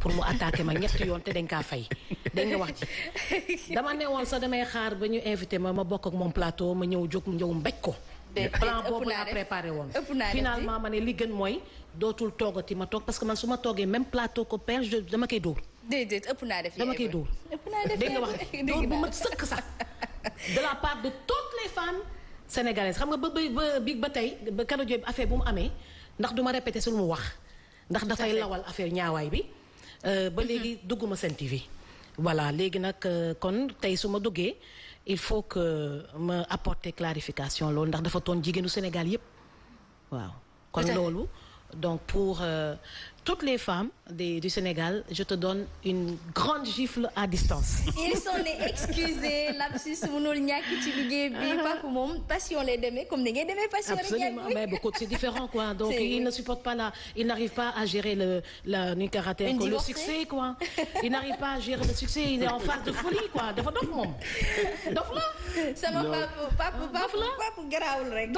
pour mu attaquer ma ñetti yoon te dañ kaa fay dañ nga wax ji dama ne woon sax damay xaar ba ñu invité ma ma bokk ak moom plateau ma ñëw jóg ñëw mbéj ko plan boobu laa préparé woon finalement ma ne li gën mooy dootul toogati ma toog parce que man su ma toogee même plateau ko père je dama koy dóor dama koy dóor bu ma sëkk sax de la part de toutes les femmes sénégalaises xam nga ba ba ba tey ba Kado Diop bu mu amee ndax du ma répété lu mu wax ndax dafay lawal affaire ñaaway bi euh, ba mhm. léegi dugguma Sen TV voilà léegi nag euh, kon tey su ma duggee il faut que ma apporter clarification loolu ndax dafa toon jigéenu Sénégal yépp waaw kon loolu donc pour euh, toutes les femmes du Sénégal, je te donne une grande gifle à distance. Ils sont les excusés, lapsus, mounol, ñak, pas comme bi, pas pour on les aimait, comme ni ngay si passion les Absolument, mais beaucoup c'est différent quoi. Donc ils ne supportent pas là, ils n'arrivent pas à gérer le, la, le caractère, quoi, le succès quoi. Ils n'arrivent pas à gérer le succès, ils sont en phase de folie quoi. Dafa dof mom. Dof Ça m'a pas pas pas pas pas pour graoul rek.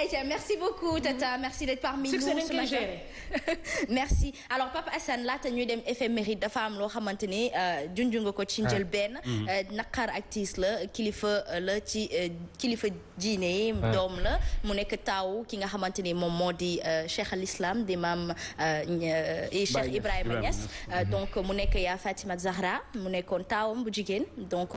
Aïcha, merci beaucoup tata, merci d'être parmi nous ce Merci. alors Pape Assane laata ñuy dem éphéméride dafa am loo xamante ni euh, junju nga ko ci njël benn mhm. euh, naqar ak tiis la kilifa euh, la ci kilifa jiine yi doom la mu nekk taaw ki nga xamante ni moom moo di cheikh al islam di maam e cheikh Ibrahima Niass mhm. donc mu nekk yaa Fatima Zahra mu nekkoon taawam bu jigéen donc